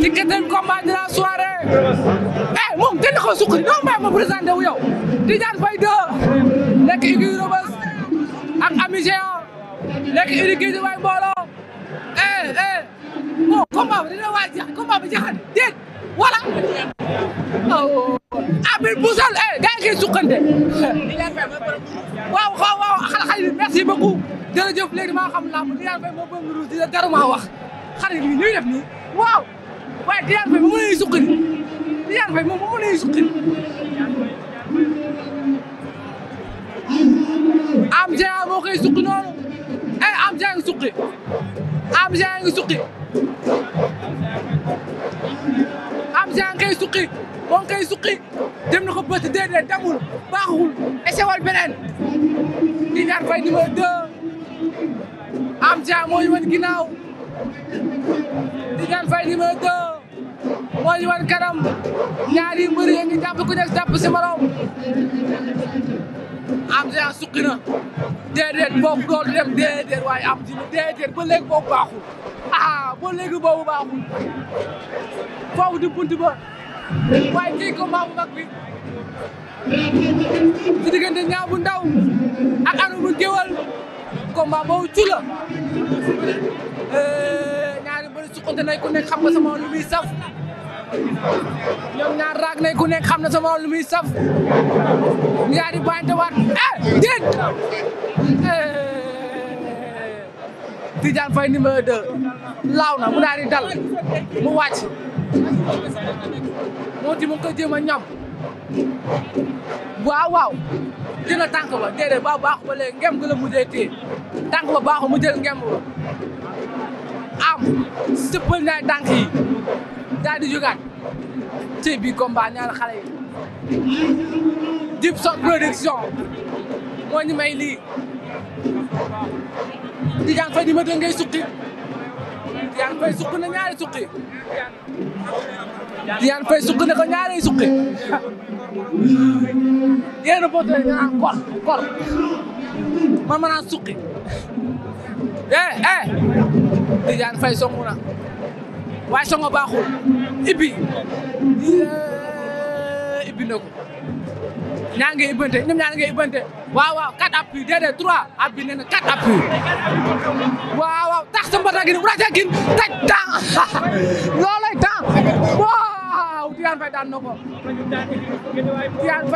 ci quatrième combat de la soirée eh moom gën ko suqali doo may ma présenté wu yow Tidiane Faye 2 nekk écurie Rebeuss ak Ami Géant nekk écurie Guédiawaye mbooloo eh eh bon waaj jeex combat bi déet wala aw oh, abir busal eh gaa ngi suqante waaw xaw waaw xal xal merci beaucoup jërëjëf léegi maa xam laa Tidiane Faye moo bëgg ruus dina dara maa wax xale yi ñuy def nii waaw waaye Tidiane Faye moom la ñuy suqali Tidiane Faye moom moom la ñuy suqali suqi eh, am jaa ngi suqi am jaa ngi suqi am jaa ngi suqi moo ngi koy suqi dem na ko bët déedéet demul baaxul esewal beneen Tidiane Faye am jaa moo ñu wan ginnaaw Tidiane Faye numéro 2 moo ñu wan kanam ñaari mbër yi ngi jàpp ku nekk jàpp si morom Amza suqi na déedéet boobu loolu dem déedéet waaye am ji déedéet ba léegi boobu baaxul ah ba léegi boobu baaxul foofu di bunt ba waaye kii ko maamu mag bi ci diggante ndaw ak anu bu géwal combat boobu cu Eh, ñaari bëri suqante nañ ku nekk xam na sama lu muy saf ñoom ñaar raag nañ ku nekk xam na sama lu muy saf ñaari bàyyante waat eh déet eh, Tidiane Faye numéro 2 laaw na mu daal dal mu wàcc moo ti mu ngi koy jéem waaw waaw dina tànk ba déedéet ba ba léegi ngem gi la mujjee téye tànk ba baaxu mu jël ngem ba am sëppal naay tànk yi daal di jógaat ci bi combat ñaar xale yi Djibson production moo ñu may lii Tidiane Faye numéro deux ngay suqi Tidiane Faye suqi na ñaari suqi Tidiane Faye suqi na ko ñaari xam ne a boote ñu naan kor kor man ma naan suqi eh eh Tidiane Faye songu na waaye songo baaxul ibbi eh, ibbi na ko ñaa ngi ibbante ñoom ñaa ngi ibbante waaw waaw quatre appui déedéet trois appui nee na quatre appui waaw waaw tax sa mbata gi ni wurata gin taj temps looloy temps Tidiane Faye daan na ko.